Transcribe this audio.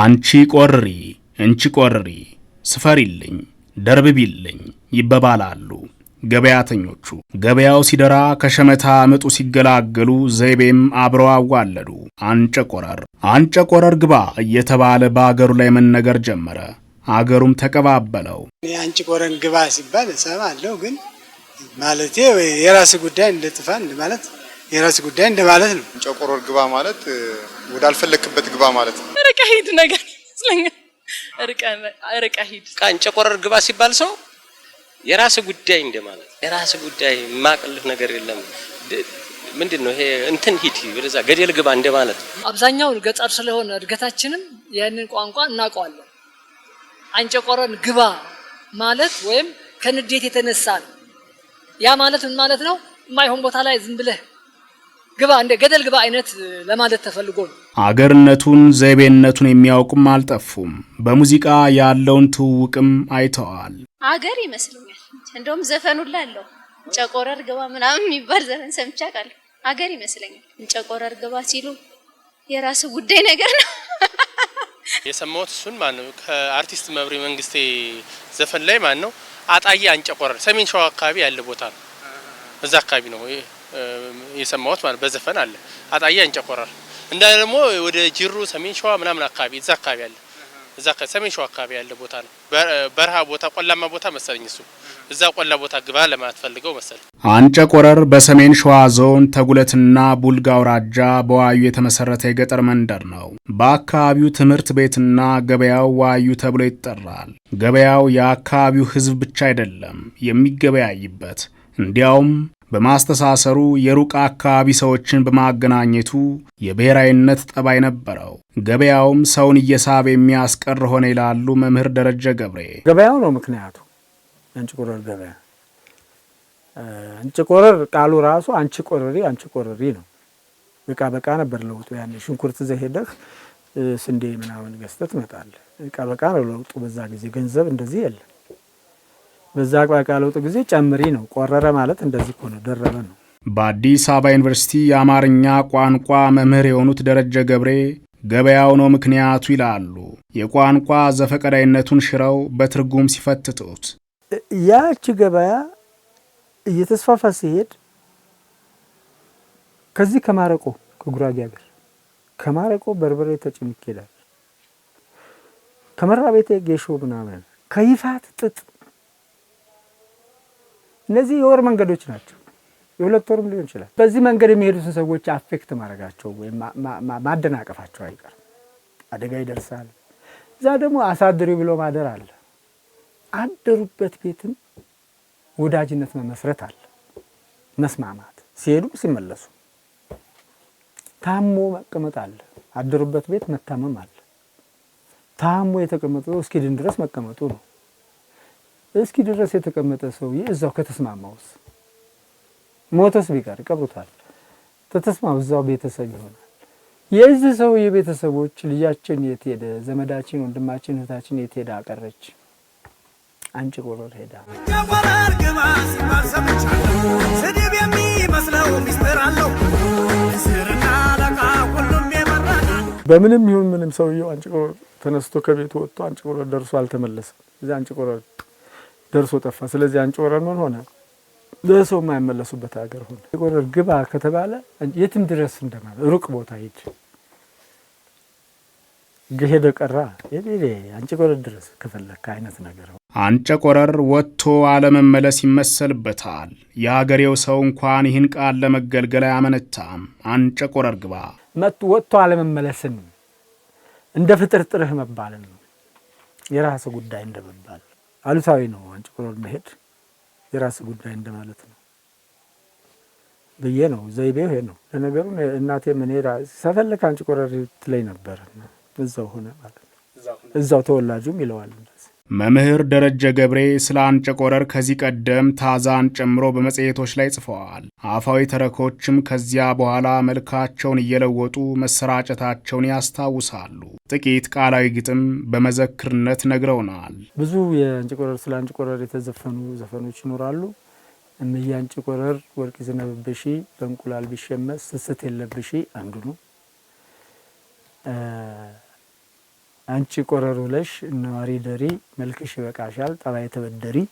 አንቺ ቆሪ እንቺ ቆሪ ስፈሪልኝ ደርብቢልኝ ይበባላሉ ገበያተኞቹ። ገበያው ሲደራ ከሸመታ ምጡ ሲገላገሉ ዘይቤም አብረው አዋለዱ። አንጨ አንጨ ቆረር ግባ እየተባለ በአገሩ ላይ መነገር ጀመረ። አገሩም ተቀባበለው። የአንጭ ቆረን ግባ ሲባል እሰማለሁ፣ ግን ማለት የራስ ጉዳይ እንደጥፋን ማለት የራስ ጉዳይ እንደማለት ነው። ቆረር ግባ ማለት ወዳልፈለክበት ግባ ማለት ነው። ርቀህ ሂድ ነገር ይመስለኛል። ርቀ ሂድ ቃንጨ ቆረር ግባ ሲባል ሰው የራስ ጉዳይ እንደማለት የራስ ጉዳይ የማቅልፍ ነገር የለም። ምንድን ነው ይሄ እንትን ሂድ ወደዛ ገደል ግባ እንደማለት። አብዛኛው ገጠር ስለሆነ እድገታችንም ያንን ቋንቋ እናውቀዋለን። አንጨቆረን ግባ ማለት ወይም ከንዴት የተነሳ ነው። ያ ማለት ምን ማለት ነው? የማይሆን ቦታ ላይ ዝም ብለህ ግባ እንደ ገደል ግባ አይነት ለማለት ተፈልጎ ነው። አገርነቱን ዘይቤነቱን የሚያውቁም አልጠፉም። በሙዚቃ ያለውን ትውውቅም አይተዋል። አገር ይመስለኛል። እንደውም ዘፈኑ ላለው እንጨቆረር ግባ ምናምን የሚባል ዘፈን ሰምቼ አውቃለሁ። አገር ይመስለኛል። እንጨቆረር ግባ ሲሉ የራሱ ጉዳይ ነገር ነው የሰማሁት። እሱን ማን ነው ከአርቲስት መብሪ መንግስቴ ዘፈን ላይ ማን ነው አጣዬ አንጨቆረር ሰሜን ሸዋ አካባቢ ያለ ቦታ ነው። እዛ አካባቢ ነው የሰማሁት ማለት በዘፈን አለ አጣያ እንጨቆራር እንዳ ደግሞ ወደ ጅሩ ሰሜን ሸዋ ምናምን አካባቢ እዛ አካባቢ አለ እዛ ሰሜን ሸዋ አካባቢ ያለ ቦታ ነው። በረሃ ቦታ ቆላማ ቦታ መሰለኝ እሱ እዛ ቆላ ቦታ ግባ ለማለት ፈልገው መሰለኝ። አንጨቆረር በሰሜን ሸዋ ዞን ተጉለትና ቡልጋ አውራጃ በዋዩ የተመሰረተ የገጠር መንደር ነው። በአካባቢው ትምህርት ቤትና ገበያው ዋዩ ተብሎ ይጠራል። ገበያው የአካባቢው ሕዝብ ብቻ አይደለም የሚገበያይበት እንዲያውም በማስተሳሰሩ የሩቅ አካባቢ ሰዎችን በማገናኘቱ የብሔራዊነት ጠባይ ነበረው። ገበያውም ሰውን እየሳበ የሚያስቀር ሆነ ይላሉ መምህር ደረጀ ገብሬ። ገበያው ነው ምክንያቱ። አንቺ ቆረር ገበያ፣ አንቺ ቆረር ቃሉ ራሱ አንቺ ቆረሪ፣ አንቺ ቆረሪ ነው። በቃ በቃ ነበር ለውጡ። ያን ሽንኩርት ዘሄደህ ስንዴ ምናምን ገዝተህ ትመጣለህ። በቃ በቃ ነው ለውጡ። በዛ ጊዜ ገንዘብ እንደዚህ የለም። በዛ አቅጣጫ ለውጥ ጊዜ ጨምሪ ነው። ቆረረ ማለት እንደዚህ እኮ ደረበ ነው። በአዲስ አበባ ዩኒቨርሲቲ የአማርኛ ቋንቋ መምህር የሆኑት ደረጀ ገብሬ ገበያው ነው ምክንያቱ ይላሉ። የቋንቋ ዘፈቀዳይነቱን ሽረው በትርጉም ሲፈትጡት ያቺ ገበያ እየተስፋፋ ሲሄድ ከዚህ ከማረቆ ከጉራጌ ሀገር ከማረቆ በርበሬ ተጭምቄ እላለሁ ከመራቤቴ ጌሾ ምናምን ከይፋት ጥጥ እነዚህ የወር መንገዶች ናቸው። የሁለት ወርም ሊሆን ይችላል። በዚህ መንገድ የሚሄዱትን ሰዎች አፌክት ማድረጋቸው ወይም ማደናቀፋቸው አይቀርም። አደጋ ይደርሳል። እዛ ደግሞ አሳድሪ ብሎ ማደር አለ። አደሩበት ቤትም ወዳጅነት መመስረት አለ። መስማማት፣ ሲሄዱ ሲመለሱ። ታሞ መቀመጥ አለ። አደሩበት ቤት መታመም አለ። ታሞ የተቀመጠው እስኪድን ድረስ መቀመጡ ነው። እስኪ ድረስ የተቀመጠ ሰውዬ እዛው ከተስማማውስ ሞተስ ቢቀር ይቀብሩታል። ተተስማው እዛው ቤተሰብ ይሆናል። የዚህ ሰውዬ ቤተሰቦች ልጃችን የት ሄደ፣ ዘመዳችን፣ ወንድማችን፣ እህታችን የት ሄዳ አቀረች፣ አንጭ ቆሎር ሄዳ ስድብ የሚመስለው ሚስጥር አለው። ስርና ለቃ ሁሉም የመራል በምንም ይሁን ምንም ሰውየው አንጭ ቆሎር ተነስቶ ከቤቱ ወጥቶ አንጭ ቆሎር ደርሶ አልተመለሰም። እዚ አንጭ ቆሎር ደርሶ ጠፋ። ስለዚህ አንጮረን ምን ሆነ? ለሰው የማይመለሱበት ሀገር ሆነ። የቆረር ግባ ከተባለ የትም ድረስ እንደማለት ሩቅ ቦታ ሂድ ሄደ ቀራ አንጨ ቆረር ድረስ ከፈለክ አይነት ነገር አንጨ ቆረር ወጥቶ አለመመለስ ይመሰልበታል። የሀገሬው ሰው እንኳን ይህን ቃል ለመገልገል አያመነታም። አንጨ ቆረር ግባ መጡ ወጥቶ አለመመለስን እንደ ፍጥርጥርህ መባልን የራስ ጉዳይ እንደመባል አሉታዊ ነው። አንጭ መሄድ የራስ ጉዳይ እንደማለት ነው ብዬ ነው። ይሄ ነው። ለነገሩ እናቴ ምን ሄዳ ሰፈልክ አንጭ ትለኝ ነበር። እዛው ሆነ ማለት ነው። እዛው ተወላጁም ይለዋል። መምህር ደረጀ ገብሬ ስለ አንጨቆረር ከዚህ ቀደም ታዛን ጨምሮ በመጽሔቶች ላይ ጽፈዋል። አፋዊ ተረኮችም ከዚያ በኋላ መልካቸውን እየለወጡ መሰራጨታቸውን ያስታውሳሉ። ጥቂት ቃላዊ ግጥም በመዘክርነት ነግረውናል። ብዙ የአንጨቆረር ስለ አንጨቆረር የተዘፈኑ ዘፈኖች ይኖራሉ። እምዬ አንጨቆረር ወርቅ ይዝነብብሽ፣ በእንቁላል ቢሸመስ፣ ስስት የለብሽ አንዱ ነው። አንቺ ቆረሩ ለሽ ነዋሪ ደሪ መልክሽ ይበቃሻል ጠባይ ተበደሪ